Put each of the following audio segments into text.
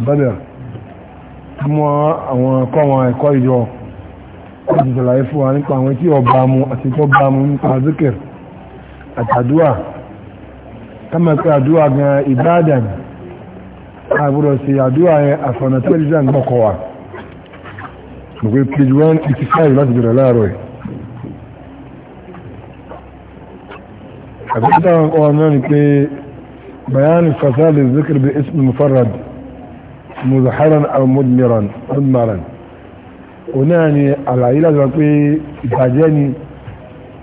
ìbádẹ̀ mọ́ àwọn ẹ̀kọ́ àwọn ẹ̀kọ́ ìjọ láti sàlàyé fún wa nípa àwọn tí ọba mu àti tó bá mu nípa zikir àtàdúà kama pé àdúà gan ìbádẹ̀ ni àbúrò sí àdúà yẹn àfọ̀nà tó lè jẹ́ gbọ́kọ̀ wa gbogbo page one eighty five láti bẹ̀rẹ̀ láàárọ̀ yìí àbúrò táwọn ọmọ náà ni pé بيان فساد الذكر باسم مفرد mùzàhárán àmúdmìrán ọdúnmàrán o náà ni àlàyé láti wá pé ìbàjẹ́ ni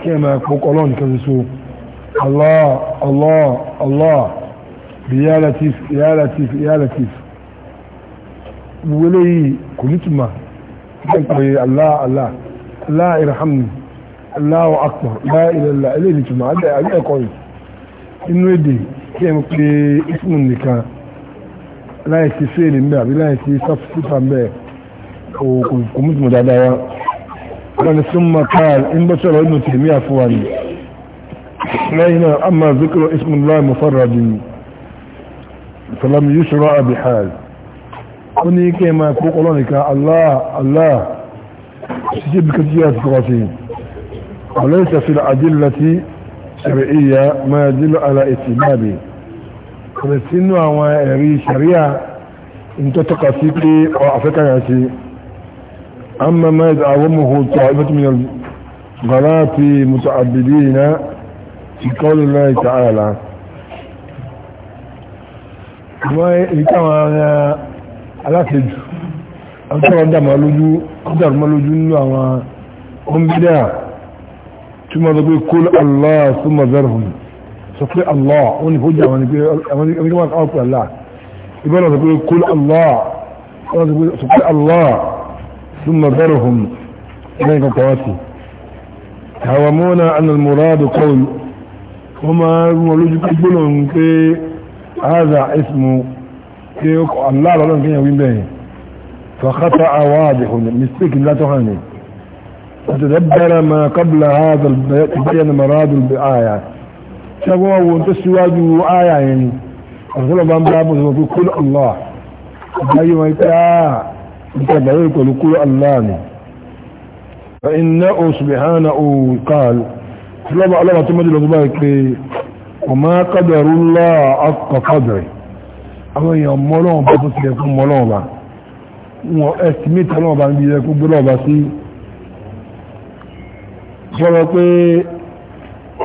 kí ẹ máa kókọ́ ọlọ́run kan ṣoṣo Allah Allah Allah bí yá latif yá latif yá latif gbogbo eléyìí kò ní tuma ẹ pè Allah Allah Allah irhamni Allahu akbar la ilaha illa tuma ẹ kọ́ yìí inú èdè kí ẹ máa pè ismu nìkan láì sí fèrè ń bẹ àbí láì sí sọfúnfà ń bẹ kò mú tìmọ̀ dáadáa wá wọn ni súnmọ́ káàl ń bọ́ sọ̀rọ̀ inú tèmi àfọwà ni lẹ́yìn náà a máa zikiro ismullahi mufarradi salam yusra abi hal ó ní kí ẹ máa kó kọlọ́ nìkan allah allah ṣíṣe bí kàtí yà sọ̀rọ̀ sí ọ̀lẹ́sẹ̀ fi àjílẹ̀ tí ṣẹ̀rẹ̀ ìyá máa jílọ̀ ala ìtìmáàbì kọ̀rẹ̀ sínú àwọn ẹ̀rí sàríà tó tọ́ka sí pé afẹ́kà yà ṣe an mama ìdá àwọn mọ̀hútọ́ ibẹ̀tùmíyàn gbàrá ti mùtọ̀ àbìdí iná ti kọ́lù náà ìtààlà wọ́n ìkàwọn ara aláṣejù an sọ pé allah ó ní fojì àwọn ẹni wọn kọ́ pé allah ibẹ̀ náà sọ pé kúl allah ó sọ pé allah thumma dharhum lẹ́yìn kan kọ́ sí tàwàmọ́nà anàlmùrádù kọ́ọ̀lù wọ́n máa rú wọn lójú pé gbólóhùn pé haza ismu pé allah lọ́lọ́run kéèyàn wí bẹ́ẹ̀ فخطأ واضح مستيك لا تهاني وتدبر ما قبل هذا البيان مراد الآيات ṣẹ́gbọ́n wo tó síwájú áyà yẹn ni ọ̀sọ́lọ̀ bá ń bá bó sọ pé kúlù allah báyìí wọn pé áà ah, nípa ìgbà yóò pẹ̀lú kúlù allah ni فإنه سبحانه قال الله الله تمد له بارك وما قدر الله حق قدره àwọn èèyàn mọ́lọ́wọ́n bá tó tilẹ̀ fún mọ́lọ́wọ́n bá wọn estimate ọlọ́wọ́n bá ń bí ẹkú gbọ́lọ́wọ́n bá sí sọ́rọ̀ pé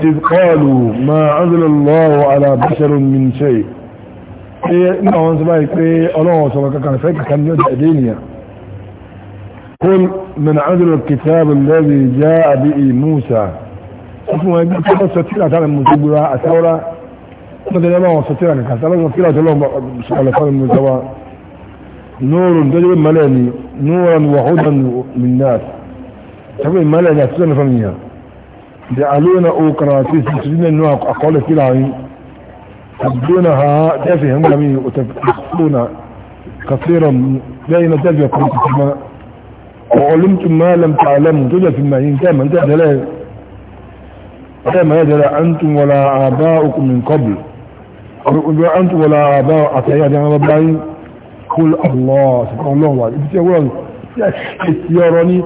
إذ قالوا ما أنزل الله على بشر من شيء إيه، إنه إيه أنزل الله إيه الله سبحانه كان فيك كان يدعى دينيا قل من أنزل الكتاب الذي جاء به موسى اسمه يقول كيف ستيرة تعالى المتبرة أثورة مثلا ما هو ستيرة كان تعالى ستيرة الله سبحانه فعل المتبرة نور تجري ملاني نورا وهدى للناس تقول ملاني أتسنى فميها جعلونه كراسي سجن النوع اقول في العين تبدونها دافئ همي وتفقون كثيرا بين دافئ كنت كما وعلمتم ما لم تعلموا تجد في المعين كما انت هذا لا كما لا انتم ولا اباؤكم من قبل انتم ولا اباؤكم اتيا يا ربي قل الله سبحان الله العظيم يا ولد يا راني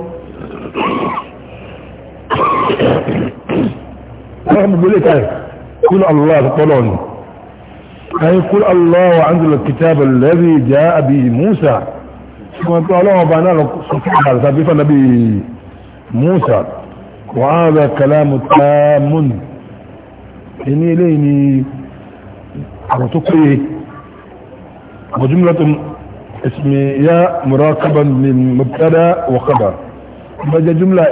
رغم بليك ايه كل الله تطلعني ايه قل الله وعنده الكتاب الذي جاء به موسى وطلعه بانه صفحة صفحة نبي موسى وهذا كلام تام اني ليني عرطقي وجملة اسمي يا مراقبا من مبتدا وخبر بجا جملة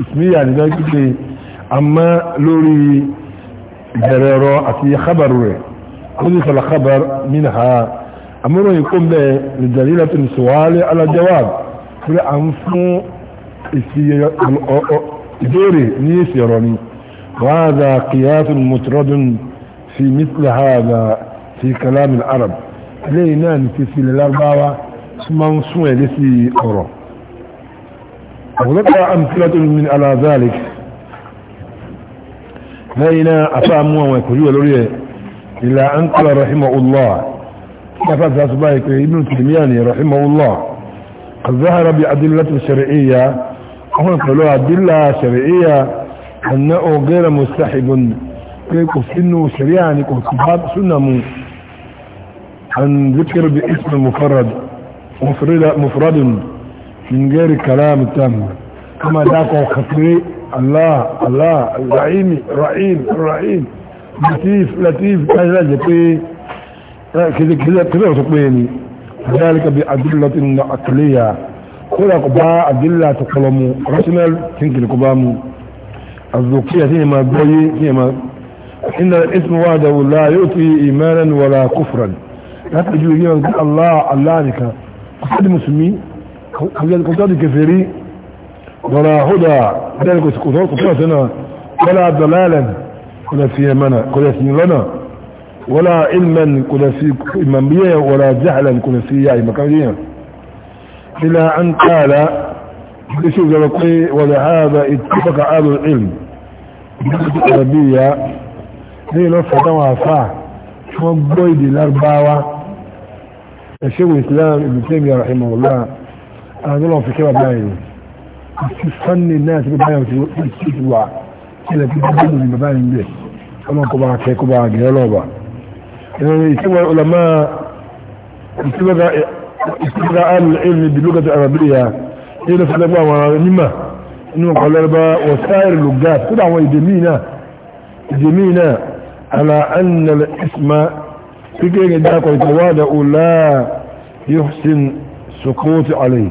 اسميه يعني ده أما لوري جريرو أتي خبر ري خذت خبر منها أمر يقوم به لدليلة السؤال على الجواب كل أنفو اسي دوري نيس يروني وهذا قياس مترد في مثل هذا في كلام العرب لينا نتسي للأربعة منصوع لسي أورو وذكر أمثلة من على ذلك هنا أفهموا ما يقولوا لي إلا أنقل رحمه الله كفاس أصبائك ابن تيمياني رحمه الله قد ظهر بأدلة شرعية هنا قالوا أدلة شرعية أنه غير مستحب كيكو سنو شريعني كو سباب سنمو أن ذكر باسم مفرد مفرد مفرد من غير كلام تام كما ذاك الخطري Allah Allah Rahim Rahim Rahim Latif Latif káyọ̀ jẹ́ pé kílẹ̀ ọ̀sọ̀ pé ni ذلك بأدلة عقلية كل قباء أدلة تقلم rational thinking قبام الذكية فيما بوي فيما إن الاسم وحده لا يؤتي إيمانا ولا كفرا لا تجوز الله الله لك قصد مسلمي قصد كفري ولا هدى ذلك وسكوتوك فاتنا ولا ضلالا كل في منا كل في لنا ولا علما كل في إمامية ولا جهلا كل في يعني مكانية إلى أن قال يشوف ذلك ولهذا اتفق أهل العلم العربية هي نفسها توافع شو دي الأربعة الشيخ الإسلام ابن تيمية رحمه الله أنا أقول في كلام بعيد sunday náà sí báyọ̀ tí ó ti wà sílẹ̀ tí ó bá lórí bàbá yìí bẹ̀ ọmọ kọba akẹ́ kọba àgbẹ̀ ọlọ́ọ̀bà ìsìnwá ọlọ́mọ ìsìnwá alìlmi bìlúgàtà àràbíyà ilẹ̀ fẹ́lẹ́gbà àwọn onímọ̀ inú ọkọ̀ lẹ́rẹ́bá wọ̀sáìrì lùgá kúrò àwọn ìdèmí náà ala anna isma kíkẹ́ ìgbẹ̀dá kọ̀ọ̀kọ̀ wà ọlá yóò sin sọkóòtì alayhi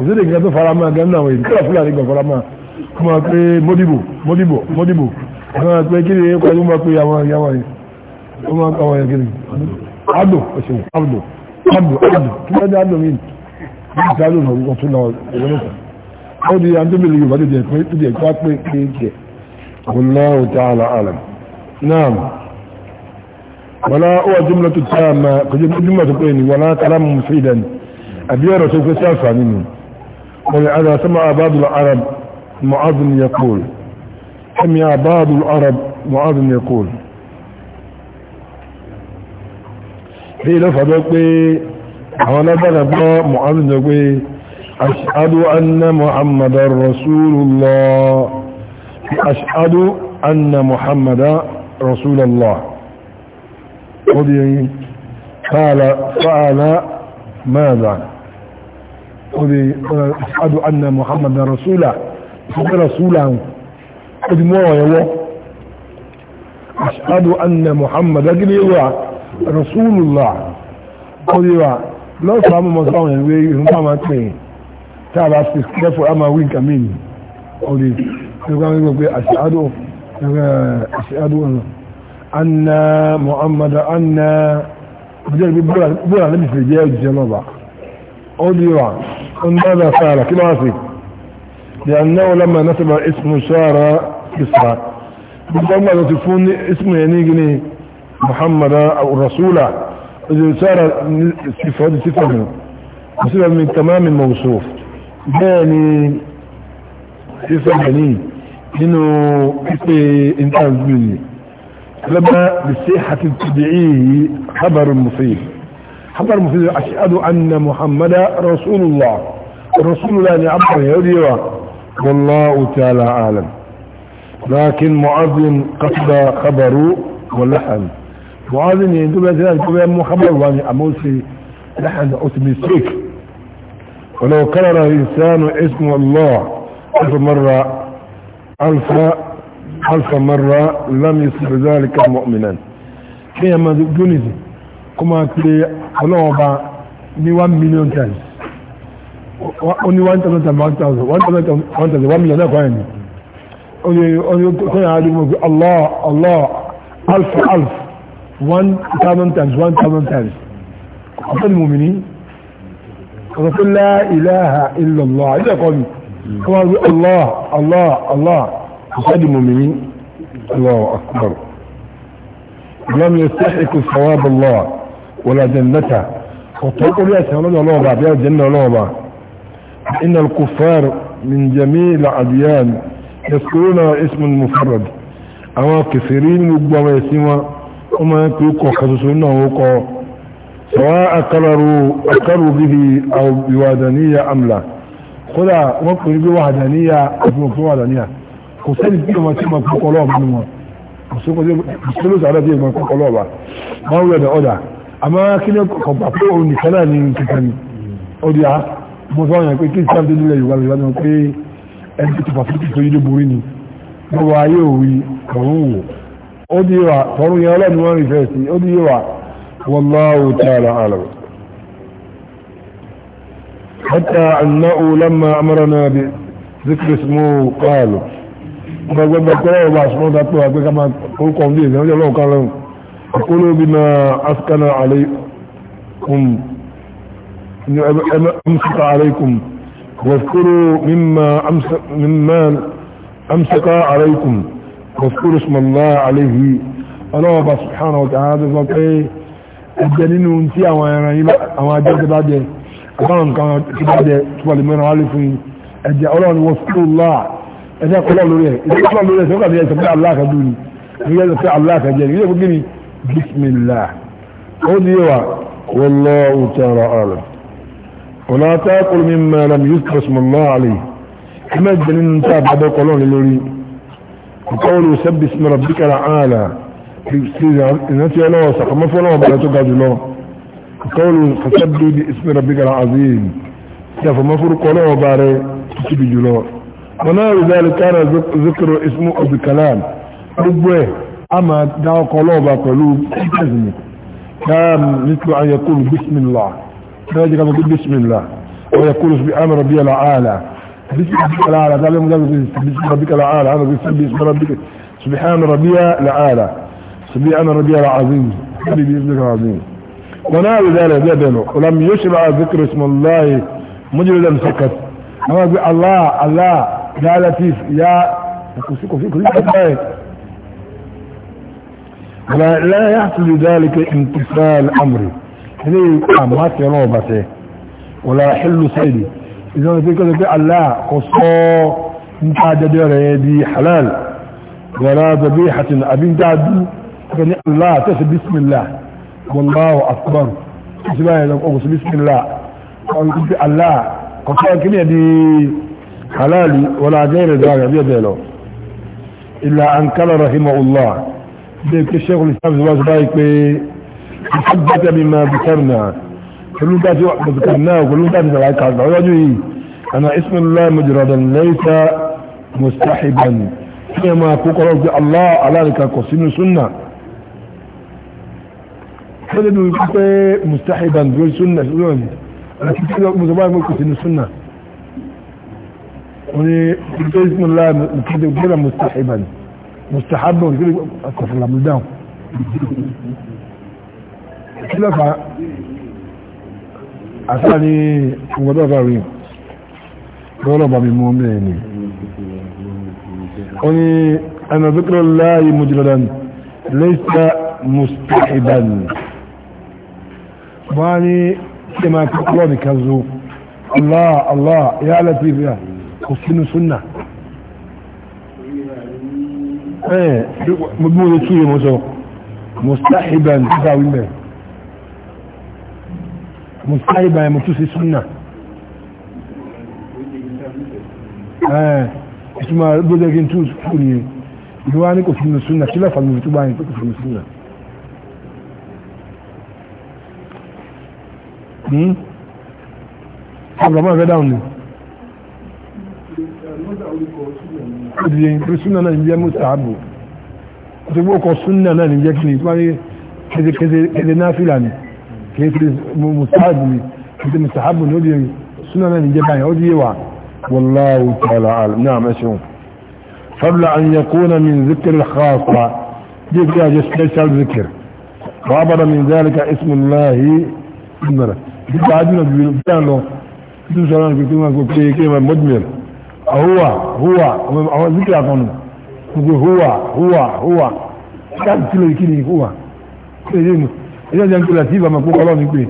ìṣèlè nǹkan tó fara máa gan náà ìdíkàlà fúlàní gan fara máa kó máa pé mọ́dìbò mọ́dìbò mọ́dìbò kó máa pé kí ni ẹ̀kọ́ ẹ̀dùn máa pé àwọn ìyáwó yẹn kó máa kọ́ àwọn ẹ̀kẹ́ni adò ọ̀ṣun adò adò adò kí wọ́n dé adò yìí bí ìta ló náà wọ́n tún náà ìwé náà ó di àwọn tó bèèrè yorùbá tó jẹ pé tó jẹ pé pé kéèké wallahu ta'ala alam naam wala huwa jumlatu tamma kò jẹ́ pé ni wala kalamu mufidan àbí ọ̀rọ̀ tó fẹ́ sáfà nínú من يعني أنا سمع بعض العرب معاذ يقول سمع بعض العرب معاذ يقول في لفظ دقيق هو نظر الله معظم يقول أشهد أن محمد رسول الله أشهد أن محمد رسول الله قال فعل ماذا odi ashadu anna muhammadan rasula ìfẹ́ rasula hùn odi mọ́rọ̀ yẹwọ́ ashadu anna muhammadan gini yíwa rasulullah odi wa lọ́sọ̀ àmọ́ mọ́sọ̀ àwọn ìwé ìrùn fáwọn máa tẹ̀yìn tí a bá fi kẹfọ́ àmà wí nǹkan mí odi nígbà wọn gbogbo ashadu ashadu anna muhammadan anna bíjẹ́ bí bóra lẹ́bí fi jẹ́ òjijẹ́ lọ́ba odi wa ماذا فعل كلا عصيب لأنه لما نسب اسم شارع إسرع بالضمة تفوني اسم يعني جني محمد أو الرسولة إذا سارة استفاد صفة منه صفة من تمام الموصوف يعني صفة يعني إنه إنتاز مني لما بالصحة تدعيه خبر مصيب حضر مفيد أشهد أن محمد رسول الله رسول الله عبر يهودي والله تعالى أعلم لكن معاذ قصد خبره ولحن معاذ يندب ذلك بأنه خبر واني أموسي لحن أتمسك ولو كرر الإنسان اسم الله ألف مرة ألف ألف مرة لم يصير ذلك مؤمنا كما دوني كما تلي ọlọ́ọ̀ba ní one million times ó ní one thousand times one thousand one thousand times one thousand one million náà kọ́ ẹ̀ ní oye kọ́yà àdúgbò pé allah allah alf alf one thousand times one thousand times ọ̀pọ̀ ni mòmìnì ọ̀pọ̀ pé la ilaha illallah ilé ẹ̀kọ́ mi kọ́mọ pé allah allah allah ọ̀pọ̀ ni mòmìnì allah akbar lam yastahiqu thawab allah ولا جنته وتقول يا سلام الله بعد يا جنة الله بعد إن الكفار من جميع الأديان يذكرون اسم المفرد أما كثيرين يقبوا يسمى وما يكون خصوصونه وقوا سواء أقرروا أقروا به أو بوادنية أم لا خلا وقل pè é bí wàhádàníyà àfihàn fún wàhádàníyà kò sẹ́ni bí wọ́n ti máa kọ́kọ́ lọ́ọ̀bù nínú wọn kò sí lóṣù àdàbí àmọ́ kí ní kọ̀gbà pé òun nìkan náà ní kíkà ní ọdí a mọ́ sọ́wọ́n yẹn pé kí sáà dé nílẹ̀ Yorùbá lọ́nà pé ẹni tó tọpa fún títọ́ yídé borí ni lọ́wọ́ ayé òwe kọ̀ọ̀rún wò ó di wa tọrún yẹn ọlọ́ni wọn rí fẹ́ẹ̀ kúrò bí na askana alaikum amsaka alaikum واذكروا مما أمسك, مما أمسك عليكم واذكروا اسم الله عليه الله سبحانه وتعالى ذكره ẹgbẹ̀nínú tí àwọn ẹran yìí àwọn ajẹ́ ti bá jẹ àbáwọn nǹkan ti bá jẹ tí wà lè mẹ́ran wálé fún ẹjẹ́ ọlọ́run wọ́n fún ọlá ẹjẹ́ kọlọ́ lórí ẹ̀ ìdíkọlọ́ lórí ẹ̀ sọ́kàtí ẹ̀sẹ̀ pé aláàkàdúrí ní ẹ̀sẹ̀ pé aláàkàjẹ́ ní ẹ̀sẹ̀ pé gíní بسم الله قل أديوا والله تعالى أعلم ولا تأكل مما لم يذكر اسم الله عليه احمد بن انتاب عبد قولون للوري وقولوا سب اسم ربك العالى في نتي الله سقم فلو بلا تقعد له وقولوا فسبوا باسم ربك العظيم كيف مفرق له باري تسبي جلو ونار ذلك كان ذكر اسمه بالكلام ربوه أما دعوة قلوبة قلوب أزمي كان مثل أن يقول بسم الله فيجب أن يقول بسم الله ويقول بأمر ربي العالى بسم ربك العالى سبحان ربي العالى سبحان ربي العظيم بسم العظيم ونال ذلك جدله ولم يشبع ذكر اسم الله مجردا سكت الله الله يا لطيف يا لا, لا يحصل ذلك امتثال امري ليه ما تيرو بته ولا حل سيدي اذا في كده الله قصو انت عدد دي حلال ولا ذبيحة ابين داد يعني الله تسب بسم الله والله اكبر سبحان الله بسم الله قلت الله قصو كده دي حلال ولا غير ذلك بيدلو الا انكر رحمه الله bẹ́ẹ̀ pé sẹ́kùn ìsáàbù wá sí báyìí pé ìsáàbùtà mi máa bí kárìnà pẹ̀lú bá ti wà kárìnà pẹ̀lú bá ti sàrà kárìnà ọjọ́ yìí àná ismailá mujradan laysa mustahiban kí ẹ máa kó kọ́rọ́ pé allah alárìkà kò sínú súnà kọ́lé bí wípé pé mustahiban bí súnà súnà ni àti kí ẹ mọ̀ sọ́bàá kò sínú súnà wọ́n ní ìgbésí ismailá mujradan mustahiban mustahabu ìgbé kọ̀fọ̀lámù dáhùn kí lọ́fà àṣà ní ọgbọ́dọ̀ bá rí gọ́ọ̀lọ́ bá mi mú ọmọ ẹ̀ ni ó ní ẹnà zikr láàyè mujradan laysa mustahiban wọ́n ní kí ẹ máa nìkan zo Allah Allah ya latif kò sínú sunnah ẹ̀ gbogbo oye tí yẹ mọ́ sọ mustahiban nígbà wílẹ̀ mustahiban mọ́ tún sí súnà ẹ̀ eh, ìtumà gbọ́dẹ̀gẹ́ tún kú ní ìwá ní kò sínú súnà kí lọ́fà mú tó bá yìí tó kò sínú súnà Abúlọ̀mọ́ hmm? ẹ̀fẹ́ dáhùn ni. Mọ́ta ìdíyẹ nítorí súnà náà níjẹ́ mùsàábù àti gbókọ̀ súnà náà níjẹ́ kí ni wáyé kẹsẹ̀ náfìlà ni kẹsẹ̀ mùsàábù ni kẹsẹ̀ mùsàábù ni ó di súnà náà níjẹ́ báyìí ó di yé wa wàláwù tààlà àlù náà mẹ́sàn-án fabla an yakuna min zikir khasa jẹ́ kí a jẹ́ special zikir وعبر من ذلك اسم الله مدمر بعدنا بيان له كيف مدمر huwa huwa àwọn zikira kan nù gbogbo huwa huwa huwa káàkiri kí lóyún kí ni huwa kí lóyún mu ẹjọ́ jẹ́ ń kúrò àti ìbámu kókó ọlọ́run pé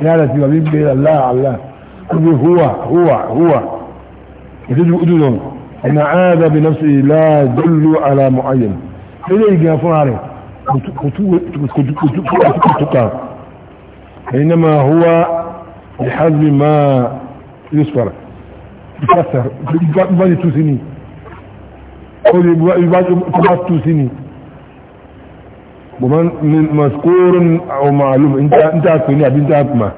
ní ara ti wà bí gbé Allah Allah gbogbo huwa huwa huwa ìtọ́jú ojú lọ ẹ̀nà ààrẹ bí nafsi la dullu ala mu'ayyan ilé ìgbìyàn fúnra rẹ̀ kutuka inama huwa bihazbi ma yusfara ìfẹsẹ̀ ìbájú tú sí ni ó lè ìbájú tó bá tú sí ni bò máa ní maskóòrò ọmọ àlùmọ̀ níta pè ní àbí níta pè mà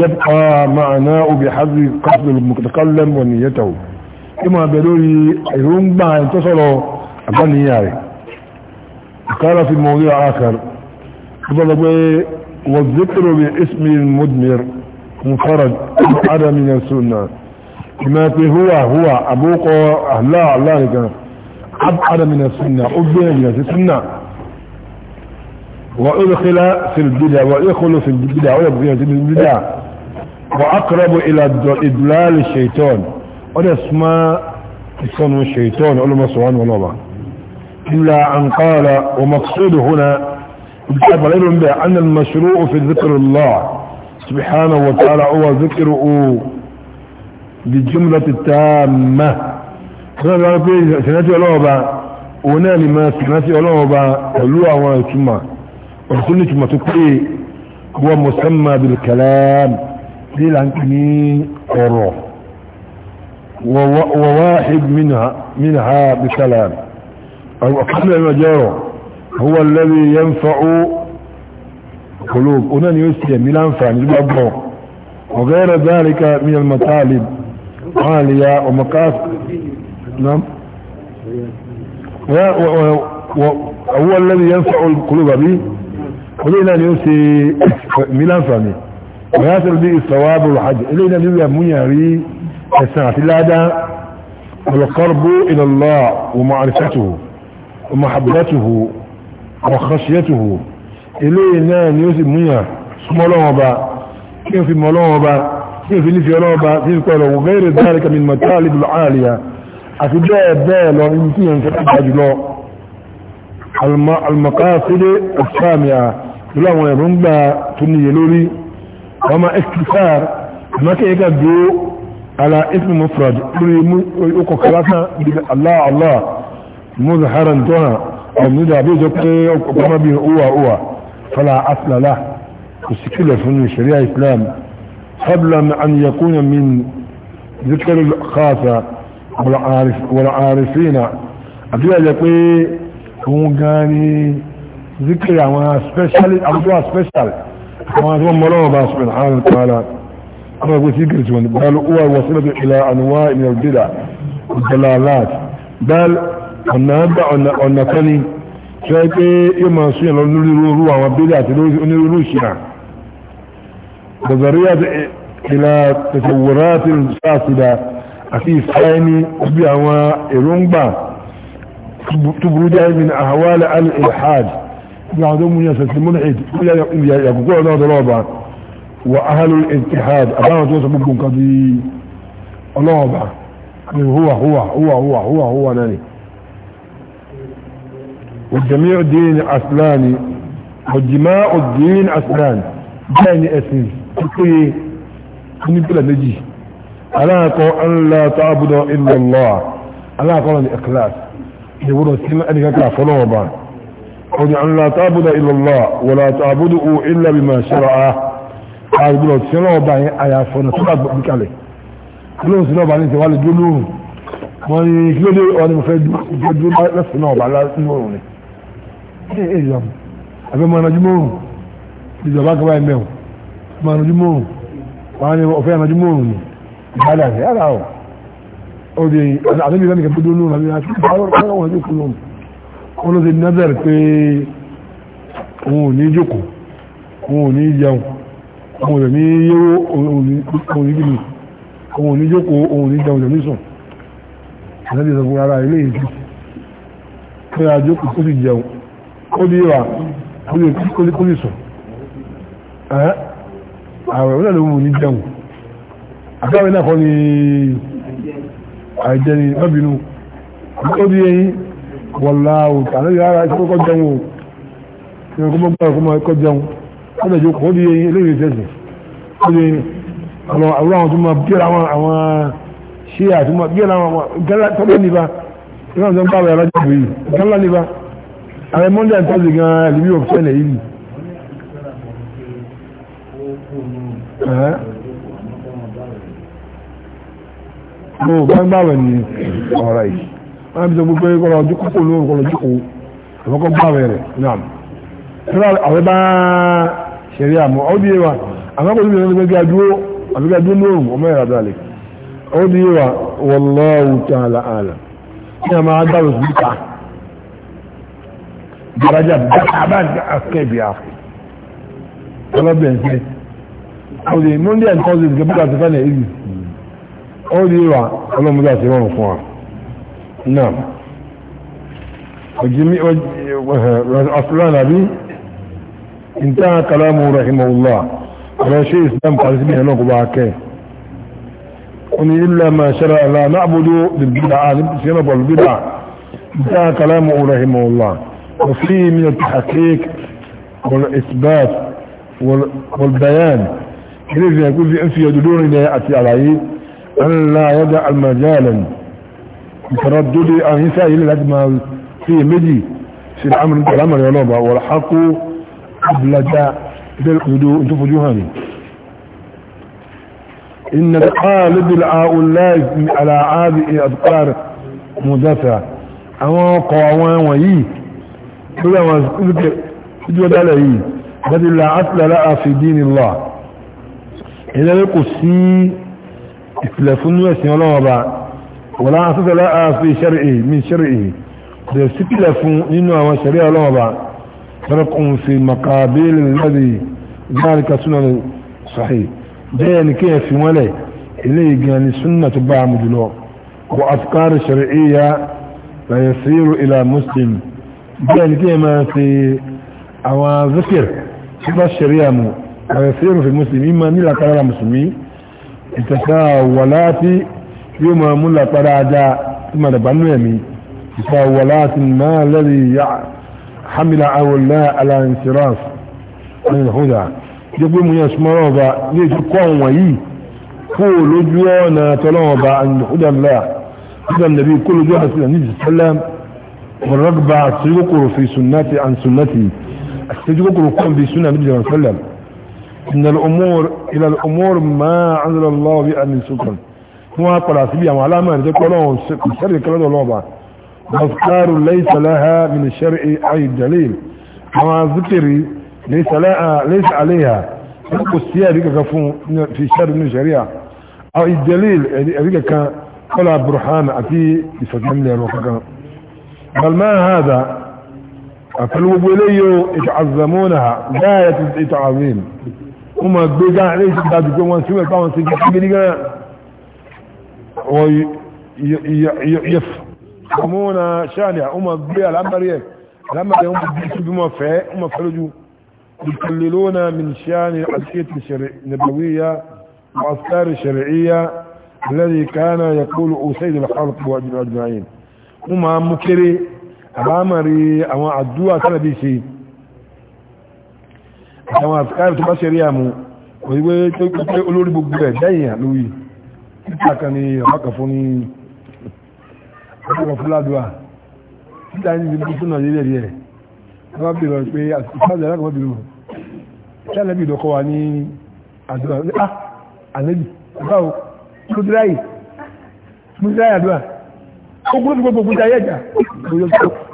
yẹ́pà máa ná obì hazi kásìlì mùkàtàkálẹ̀ mọ̀ ní yẹ́tà ò kí máa bẹ̀ lórí èròǹgbà tó sọ̀rọ̀ àbáníyà rẹ̀ ìkára fi mọ̀ orí àkàrà والذكر باسم المدمر منفرد عدم من السنه بما في هو هو ابوك اهلا الله لك ابعد من السنة ابعد من السنة وادخل في البدع وادخل في البدع وادخل في البدع واقرب الى ادلال الشيطان ولا اسماء يكون الشيطان ولا مسوان ولا الا ان قال ومقصود هنا ان المشروع في ذكر الله سبحانه وتعالى هو ذكره للجملة التامة سنة العربية سنتي ألوبا ونالي ما سنتي ألوبا قالوا أولا ثم وكل ثم تقري هو مسمى بالكلام ليل عنكني أروح وواحد منها منها بسلام أو قبل المجارة هو الذي ينفع قلوب هنا يسلم ملانفع أنفع من وغير ذلك من المطالب عالية ومقاس نعم هو الذي ينفع القلوب به ولينا نيوسي ميلان فاني وياسر به الثواب والحج إلينا نيوسي منيري السنة اللادا والقرب إلى الله ومعرفته ومحبته وخشيته إلينا نيوسي منير سمولوبا كيف مولوبا tí ìfìlì fi ọlọ́wọ́ bá tí ìkọ̀ lọ wọ́gẹ́rẹ̀ dáre kàmí mọ̀tálì bí láàríyà àti bẹ́ẹ̀ bẹ́ẹ̀ lọ ní kí yẹn kẹta gbà jùlọ almakaside ọ̀sáàmìà lọ àwọn ẹ̀rọ ń gbà tó níye lórí ọmọ ekisar maka yẹ ká dúró ala ismi mufrad lórí ọkọ̀ kalasa bí allah allah muzaharan tọ́nà ọ̀mùdà bí ìjọ pé ọkọ̀ ọmọ bí uwa uwa fala asla lah kò sí kílẹ̀ fún ìṣẹ̀ríà قبل أن يكون من ذكر الخاصة والعارف والعارفين àbíwá jẹ pé òun gan ni zikiri àwọn special àbúrò special àwọn àti wọn mọ́lọ́wọ́ bá ṣùgbọ́n àwọn ìpàlá àwọn ìgbé zikiri tí wọ́n bá lọ́wọ́ wọ́sílẹ̀ tó ilẹ̀ àníwá ìmìnà òdìdà ìdọ̀láàlát bẹ́ẹ̀ ọ̀nà ọ̀nà kan ni tí wọ́n pé yóò máa súnyàn lọ lórí irú àwọn abẹ́lẹ̀ àti onírúurú ìṣìnà نظرية الى تطورات فاسدة في فاني بها ارنبا تبرجها من اهوال الالحاد يعدم ياسس الملحد يقول هذا الرابع واهل الاتحاد ابانا توسع بكم قضي الله هو هو هو هو هو هو هو ناني والجميع الدين اصلاني والجماع الدين اصلان جاني اسمي pípé onípìlà méjì aláàkọ́ anla ta'abudu illa Allah aláàkọ́ ní ẹ̀kíláàsì ìwúrọ̀ sí ẹnìkankan àfọlọ́wọ̀ba ọdún anla ta'abudu illa Allah wala ta'abudu illa bima shara'a àgbùrọ̀ tí ọlọ́wọ́ bá yẹn àyàfọ́ náà tó bá gbọ́ kalẹ̀ olóhùn sí náà bá ní ti wá lè dúró lóhùn wọ́n ní kí ló dé wọ́n ní mo fẹ́ dúró lẹ́sìn náà bá lásìkò òrùn ìjọba àbẹ́mọ́ ẹ̀nàjú máa lójú mọ́rùn wọ́n ní ọ̀fẹ́ àmàjú mọ́rùn ní ìbádà rẹ̀ ara ọ̀ ọdẹ àtẹ́lẹ̀ ìlànà ìkẹ́kẹ́ dónú àmì àti ìbáwọ̀ ọ̀hún ẹ̀jẹ̀ fún lọ́mù wọn ló ti nẹ́bẹ̀r pé òun ò ní jókòó òun ò ní jẹun òun ò ní yẹwó òun ní gbìmí òun ò ní jókòó òun ò ní jẹun òun sùn àtẹ́lẹ̀ ìsọ̀fún ara ilé yìí ti pé àjókòó kó sì jẹun ó ní wà kó lè sùn ààrẹ wọ́n lọ́wọ́ ní jẹun àbáwẹ̀ náà kọ́ ní àìjẹni lọ́bìnú ó di ẹyin wọ̀láwò tààrẹ yàrá ìṣẹ́kọ́ jẹun o tí wọ́n kọ́ gbọ́ ọkọ́ ẹ̀kọ́ jẹun ó lè jókòó ó di ẹyin eléyìí ìṣẹ́sìn ó di ẹyin ọ̀rọ̀ àwọn àwọn tó máa bí ara àwọn ṣé àtúmọ̀ bí ara àwọn gẹ́lá tọ́lá nípa ìgbà tó ń bá wẹ̀ alájọ́ yìí gẹ́lá nípa ààrẹ monday and thursday gan-an ẹ̀lú mo bá ń báwẹ̀ ní ọ̀rọ̀ yìí wọ́n bí sọ pé kọ́lọ̀ ojú kókò lóòrùn kọ́lọ̀ ojú kò àkọ́kọ́ báwẹ̀ rẹ̀ náà tọ́lá àwẹ́ bá ṣẹ̀rí àmọ́ ó di ewa àmọ́ kò níbi ìrìnàjò gẹ́gẹ́ dúró àbí gẹ́gẹ́ dúró lóòrùn ọmọ ìrà dalẹ̀ ó di ewa wallahu ọlọ́bẹ̀ ń fẹ́ ó di monday and thursday gẹ́gẹ́ bókà ti fẹ́lẹ̀ èyí ó di wà ọlọ́mọdé àti ìwọ̀n fún wa náà وجميع أصلان به ìntà كلامه رحمه الله ولا شيء إسلام قال اسمه لك باكي قل إلا ما شرع لا نعبد بالبدعة نبسينا بالبدعة انتهى كلامه رحمه الله وفيه من التحقيق والإثبات والبيان إليه يقول في أنفي يدلون إلى يأتي عليه إيه؟ أن لا يدع المجالا تردد أن يسأل الأجمع في مدي في العمل انت العمل يا لوبا والحق أبلج بالقدو انت فجوهاني إن القالب الأولاء على عاد أذكار مدفع أما قوان ويي كل ما ذكر جدل يي بل لا أصل لها في دين الله ìlẹ́rẹ́ kò sí ìpìlẹ̀ fún ẹ̀sìn ọlọ́wọ́ bá wọ́n asọ́sọ́ láàáfí ṣẹ́rìí mi ṣẹ́rìí rẹ̀ sí pìlẹ̀ fún nínú àwọn ṣẹ̀rí ọlọ́wọ́ bá tọ́rọkùn fi makabili lọ́dí gbáríkà súnà sàhì bẹ́ẹ̀ ni kí ẹ fi wọ́lẹ̀ ilé ìgbìyàn ni súnà tó bá ويسير في المسلمين من لا قرار المسلمين ولاتي يوم ملا جاء ثم لبنو يمي تساولات ما الذي حمل أو لا على انصراف من الهدى يقول من يسمعوا با يجقون وي كل جوانا تلوبا عن هدى الله هدى النبي كل جوانا صلى الله عليه وسلم والرقبة سيقر في سنتي عن سنتي سيقر كون بسنة النبي صلى الله عليه وسلم ان الامور الى الامور ما انزل الله بها من سلطان هو طلع سبيع يعني وعلامة يقولون الشرع كلا دولوبا اذكار ليس لها من الشرع اي دليل كما ذكري ليس لها ليس عليها القسية كفون في الشرع من الشريعة او الدليل ذيك يعني كان قال برهان اتي يفتن لي الوقت بل ما هذا بليو يتعظمونها لا يتعظيم wọ́n ma gbé gán àrẹ ìṣẹ́ ìdájú pé wọ́n síwẹ̀ pàwọn sí jẹ́ gidi gán ọmọ́nà ṣáàlìyà wọ́n ma gbé alámbàrí ẹ̀ alámbàrí wọ́n bí ṣubí wọ́n fẹ́ wọ́n ma fẹ́ lójú ìkùnlélónà min ṣáàlì alṣẹ́tì nàbàwíyà wàásàrì ṣẹ̀rẹ̀íyà lẹ́rì kánà ya kólu òṣèlú wọ́n ma mú kéré alámbàrí àwọn àdúrà tánàbí ṣe àwọn àfikáàrí tó bá ṣe rí àmú òyíwé tó pé olórí gbogbo ẹ̀ dẹ́yìn àlóyì títà kan ní ọ̀pákan fún ní ọ̀pákan fún ládùá títà ah, ní ibi tó náà yẹ́lẹ̀ rí ẹ̀ wọ́n bí lọ pé ìfáàlẹ̀ alákọ̀ọ́ bí lọ kí alẹ́bí ìdọ́kọ̀ ó gbọ́dọ̀ gbogbo gbogbo ayé ẹ̀jà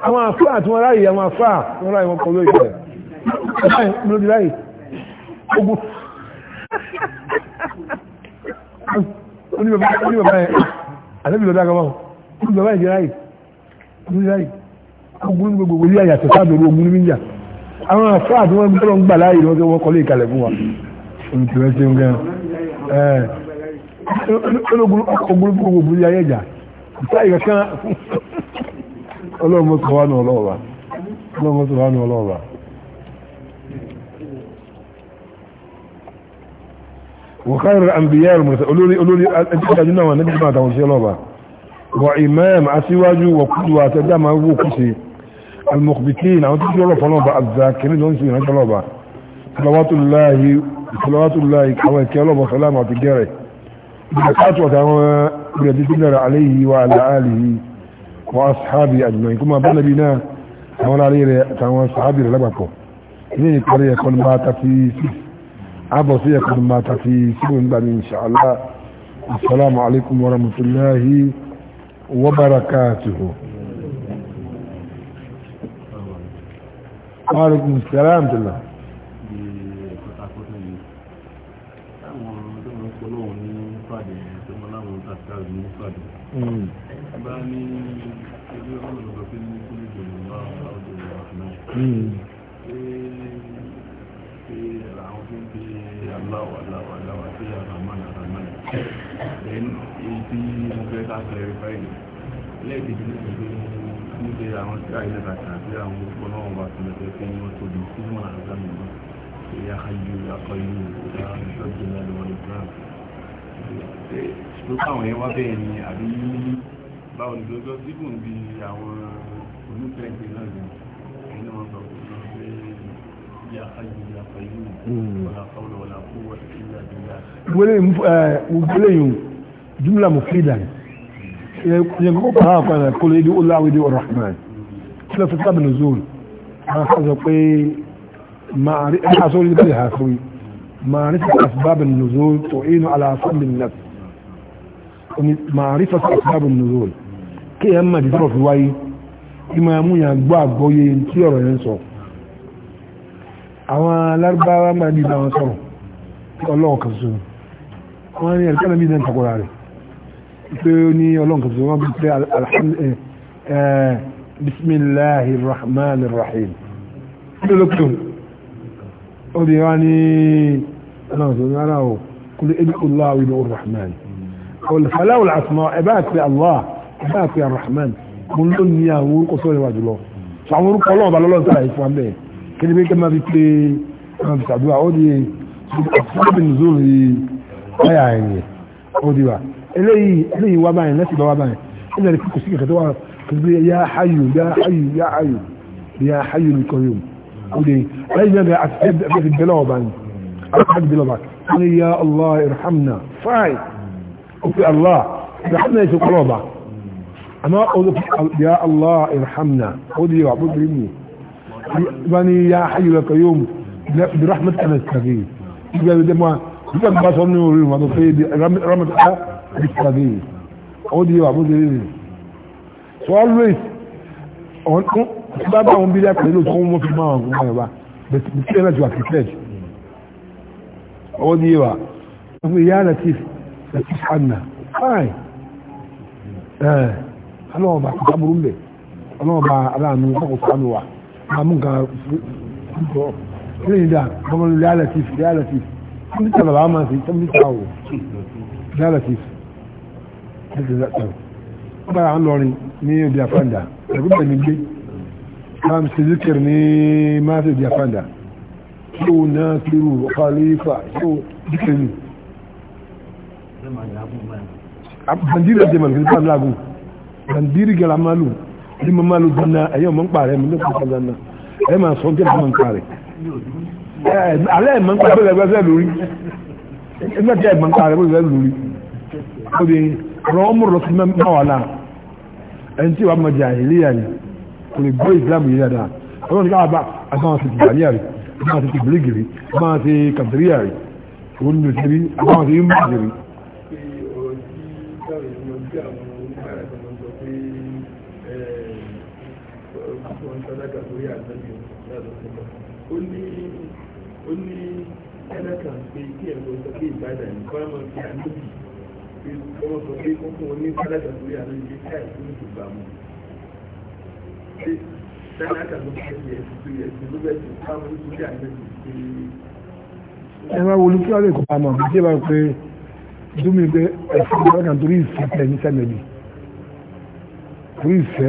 àwọn àfáà tí wọ́n ráyè àwọn àfáà wọ́n ráyè wọn kọ́ lóyè lórí báyìí ogun oníbàbá ẹ̀ àlébì lọ́dá gaba ìjẹ́ ráyì lórí ráyì ogun ní gbogbo orí àyàtọ̀ sáàdọ̀rọ̀ ogun ní níjà àwọn afáà tí wọ́n ń ń gbà láàyè lọ́jọ́ wọ́n kọ́lé ìkàlẹ̀ fún wa وخير الأنبياء المرسلين قولوا لي قولوا لي أنت تجدنا ونبي ما تقول الله وإمام أسواج وقدوة تدام أبو كسي المخبتين أو تجد الله فلوبا الذاكرين ونسي نجد الله صلوات الله صلوات الله كويك الله وسلام وتجاري بكات وتعوى بلدتنا عليه وعلى آله وأصحابه أجمعين كما بنا بنا تعوى عليه تعوى أصحابه لبكم إذن يقول ما تفي سيس عبصية كما تفي سبن بني إن شاء الله السلام عليكم ورحمة الله وبركاته وعليكم السلام الله Mm pé àwọn tó ń pè aláwọ̀ aláwọ̀ aláwọ̀ àti àràmánà àràmánà then èyí tí mo fẹ́ ká fẹ́rẹ̀ fáìlì lẹ́ẹ̀kejì ní ìgbé níbi àwọn tí àyè náà kàkà àti àwọn orúkọ náà wà tó lẹ́tẹ̀ pé wọ́n tóbi sí wọn àgbà mi mọ́ ìyá ayé akọ ìlú ìyá ìṣọ́jú náà lọ́wọ́ ní gbẹlẹyìn jumla mufida yẹn kó kọ́ hàn kan kó lè di olawidi ọ̀rọ̀hàn sílẹ̀ fi sábà nù zoro a kan sọ pé maari a sọ ní bẹ́ẹ̀ hàfúri maari fi asibaba nù zoro tó inú alasan bin nas maari fi asibaba nù zoro kéèyàn mà àwọn alárúbáwá máa bí báwọn sọ̀rọ̀ ọlọ́run kan sọ̀rọ̀ wọ́n ní ẹ̀rọ bí dẹ́n takora rẹ̀ pé ó ní ọlọ́run kan sọ̀rọ̀ wọ́n bí pé eh, eh, bisimilahi rahman rahim kí ló kí ó di wá ní ọlọ́run sọ̀rọ̀ ara o kú ló ebi kúlọ́ àwọn ìlú rahman olùfàlàwò àtúmọ̀ ẹ bá allah ẹ bá rahman mo ló ní àwọn orúkọ sọ̀rọ̀ wájú lọ àwọn orúkọ ọlọ́run bá lọ́lọ́run sára كده بيجي ما انا ما بيساعدوه عودي أفضل بالنزول هاي عيني عودي بقى إلي إلي وابعين ناسي بوابعين إلا اللي فيكو سيكي خدوها كده يا حي يا حي يا حي يا حي القيوم عودي رجل بقى أتحب أبيك البلاو بان أتحب البلاو بان يا الله ارحمنا فاي وفي الله ارحمنا يا شكرا بقى أنا أقول يا الله ارحمنا عودي بقى بقى يعني يا حي laka yom bi rahmat ana يعني ibi ما dama ibi abi ba sọnni ori ma do fe bi rahmat ana sagi o di always on on ba ba on bi la pẹ̀lú so mo fi ma wa ko ma ba but bi ti na ju akitej o di wa ko ya latif latif anna fine eh ọlọ́wọ́ bá kò sábúrú ń bẹ̀ ọlọ́wọ́ bá aláàánú kọ́kọ́ sáánú wa amúga púpọ̀ ilé ìdá ọmọlú realatif realatif kọ́mpútà bàbá máa sí kọ́mpútà ò realatif ẹ̀sẹ̀ ìdàtọ̀ ó bára ń lọrin ní òbí àfáǹdà ẹ̀gbẹ́ mi gbé máa ṣe zikir ní máa ṣe ni àfáǹdà tó náà kírù khalifa tó zikir ni bandiri ọjọ́ mọ̀lùkì nípa lágùn bandiri gẹ̀lá máa lù ní mo máa lu gbọ́nà ẹ̀yọ́ mọ̀ ń pa rẹ̀ mi ní kò sọ gbọ́nà ẹ̀ máa sọ jẹ́ mọ̀ ń pa rẹ̀ alẹ́ mọ̀ ń pa rẹ̀ bẹ́ẹ̀ lórí ẹ̀ mẹ́ta ẹ̀ mọ̀ ń pa rẹ̀ bẹ́ẹ̀ lórí ó di ọ̀rọ̀ ọmọ rẹ̀ fi máa wà náà ẹni tí wàá mọ̀ jẹ́ àìlíyà ni kò lè gbọ́ ìsìlámù yìí dáadáa ọlọ́run ní káwá bá àgbọn àti tìjàníà rẹ̀ àgbọn àti tìbílígì rẹ̀ àgbọn àti kàbíríà rẹ̀ òun sí ìbàdàn ní kọ́lá máa fi àlójì tí wọ́n sọ pé kókó wọn ní sálẹ̀dà lórí àlójì tí àìsí ní ìgbà mú. ṣé ló fẹ́ di ẹ̀sìn tó yẹ ẹ̀sìn ló bẹ̀ tó káwọn nítorí àlejò pé. ẹ máa wọlé kí wọn lè kó pamọ́ bí ṣé bá pé dúmí pé ẹ̀sìn ìgbà kan torí ìfẹ́ tẹ̀ ní sẹ́mẹ̀lì torí ìfẹ́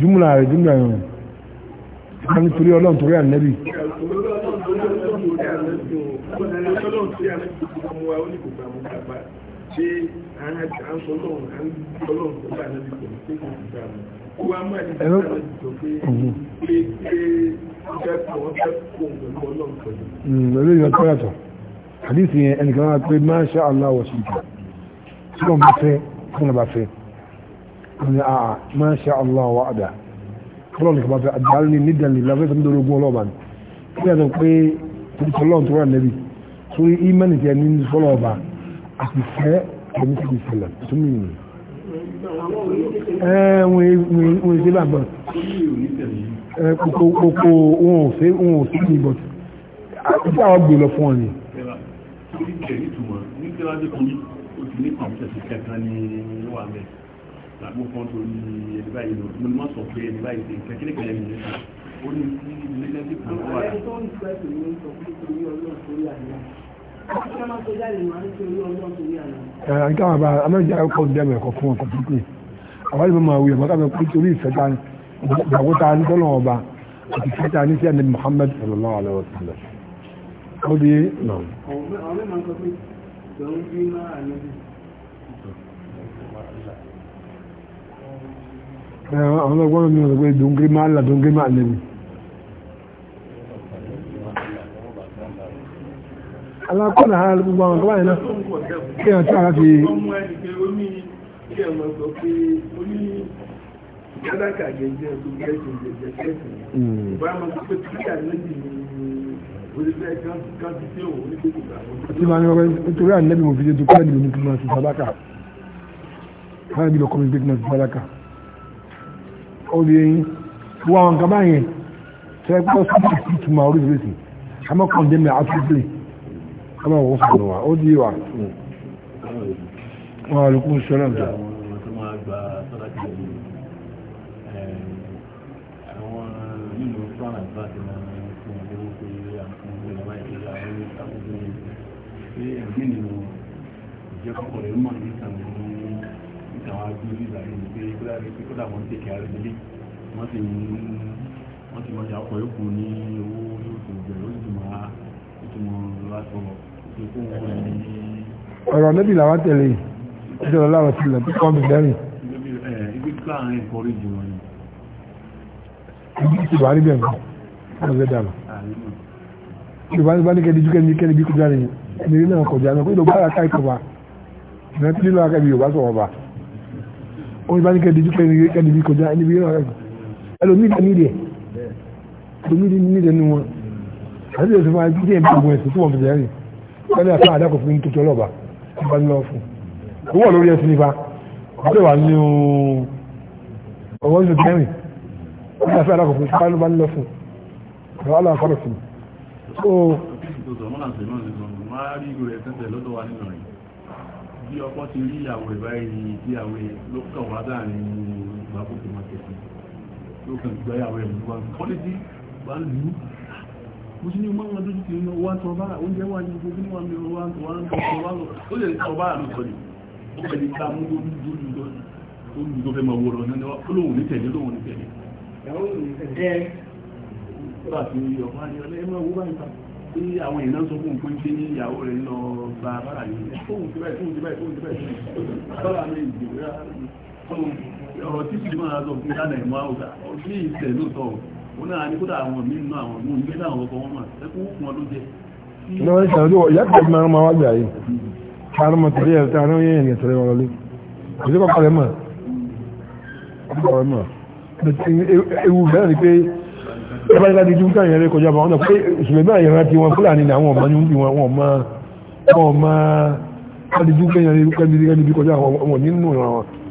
jùmùlà rẹ̀ jùmùlà rẹ̀ a ní torí ọlọ́run torí ànẹ́bì ẹ̀rọ ìyọ̀ kọ́yàtọ̀ àdísì yẹn ẹnìkan wá pé máa ṣe aláwọ̀ sí ìjọ tí wọ́n bá fẹ́ fún ọba fẹ́ wọ́n ni àà máa ṣe aláwọ̀ àdá kọlọ́ọ̀nù kọba fẹ́ àjálù ní nídàlì lábẹ́ tó ń dorí ogun ọlọ́ọ̀bà ni kí ẹ̀ sọ pé olùsọlọ́ọ̀n tó wà nẹ́bi sórí ímẹ́nì tí ẹni sọlọ́ọ̀bà àti fẹ́ ẹni tí kì í ṣẹlẹ̀ tó mì nì. ẹ wọn èsì bàbá ẹ kókó kókó wọn ò fẹ́ wọn ò sí ní bọ́t àti àwọn gbé lọ fún ọ ni. ní kí wàá dé kùn ní kí wàá dé kùn ní kọ̀m̀pútà ti kẹta ní wàá mẹ́rin tàbí kan tó ní ẹni báyìí lọ mo ní má sọ pé ẹni báyìí ṣe nǹkan kíni kan ẹni nìkan ó ní sí relationship kan wà. ọ̀rẹ́ tó ń sọ ètò yìí ń sọ pé torí ọlọ́run torí àná. Ẹ̀ka àbá amájá ẹ̀kọ́ dẹ́mẹ̀ ẹ̀kọ́ fún ọkọ̀ pípé. Àwọn ìbọn máa wuyọ̀ mọ́kànlá pé torí ìfẹ́ta ìgbàgbọ́ta ní tọ́lọ̀ ọba àti ìfẹ́ta ní sí ẹni Muhammad sallallahu alaihi wa sallam. Ó di náà. Ọ̀rẹ́ máa ń sọ pé, "Tọ́jú máa ní àwọn ọgbọ́n mi rẹ̀ pé dùnkí máa là dùnkí máa lè mi alákọ́nà ara gbogbo àwọn ọgbọ́n ìná kí ẹ̀ tí ara fi Tí máa ní ọgbẹ́ nítorí ànẹ́bí mo fi jẹ́ tó pẹ́lú ní kí máa ti sábákà. Láàrín bí lọ́kọ́ mi gbé kí máa ti sábákà orí eyín wọ́n àwọn nǹkan báyẹn tẹ́ pọ́ sábà sí ìtumọ̀ oríṣiríṣi àmọ́ kọ̀ndẹ́mẹ̀ àtúntò ọmọ òun fún wa ó di wà wọ́n alùkún ṣọ́nà jọ Ìjẹ́ kọ̀kọ̀ rẹ̀ ní lórí ìgbà yìí pé kódà ní kódà wọn ń tèkè ara nílé wọn sì bẹ̀rẹ̀ ó sì máa ó sì máa lọ́sọ̀ ó kó wọn ní. ọ̀rọ̀ níbi làwọn tẹ̀lé ìjọba láwọn ti lọ bí kọ́ mi lẹ́rìn. ibi tí láàrin rí bẹ́ẹ̀ nǹkan wọn fẹ́ dà ní bá ní kẹ́ni jùkẹ́ni kẹ́ni bí kújà ni ẹni náà kọjá náà kó ìlú bá wọ́n bá ní kẹ́ dojú pé kẹ́ni bí kọjá ẹni bí yọ̀rọ̀ rẹ̀ ẹlòmíì ní ìdíyẹ ẹlòmíì ní ìdíyẹ nínú wọn àti ìdíyẹ sọfún àti ìdíyẹ bí ẹ̀sìn tó wọ́n fi jẹ́rìí wọ́n ní àti àdàkọ̀ fún tó tọ́lọ̀ bá wọ́n bá ní lọ́wọ́ fún lórí ẹ̀sìn nípa wọ́n wà ní ọwọ́ ìṣòkè bí ọkọ ti rí ìyàwó ẹ̀ báyìí ìyàwó ẹ̀ ló kàn wá láàrin ìgbàkókò máa tẹ̀sí ló kàn gba ìyàwó ẹ̀ nípa kọ́lẹ́dì bá lù ú mo ti ní ọmọ wọn lójú ti ní wá tọ́ bá oúnjẹ wà ní gbogbo ní wọn mi wá ń tọ́ wá lọ ó lè tọ́ bá àlùkò ni ó pẹ̀lú ìta mú lórí tó fẹ́ máa wọ̀ lọ nínú olóhùn ní tẹ̀lé olóhùn ní tẹ̀lé. ẹ ẹ bá ti ọmọ àyẹ̀lẹ́ ẹ máa wú báyìí pé àwọn èèyàn sọ fún òpin pé ní ìyàwó rẹ̀ lọ bá bára yìí fóun ti báyìí fóun ti báyìí fóun ti báyìí bára mi ìdìbò yá ọ̀rọ̀ tí kìí máa sọ fún ìdáná ẹ̀mọ́ àwòsà ní ìṣẹ̀ lóòótọ́ òun náà ní kódà àwọn míì nínú àwọn ọdún nígbà táwọn ọkọ̀ wọn mà ẹkú fún ọdún jẹ. ní wọ́n ṣe àdúgbò ìyá kìí máa máa wá gbà yìí káàrọ̀ mọ̀ tẹ̀lé ẹ̀rọ tẹ̀lé ẹ̀yẹ ẹ̀yẹ tẹ̀lé wọn lọ́lé kò sí kọ́kọ́ rẹ̀ mọ̀ ẹbá nígbà tí jùmọ́ ìyẹn rẹ kọjá bá wọn náà pé ìṣùlẹ̀gbà ìran ti wọn fúlàní ní àwọn ọmọ ní bí wọn ma wọn ma káàdì jùmọ́ ìyẹn rẹ kọjá bá wọn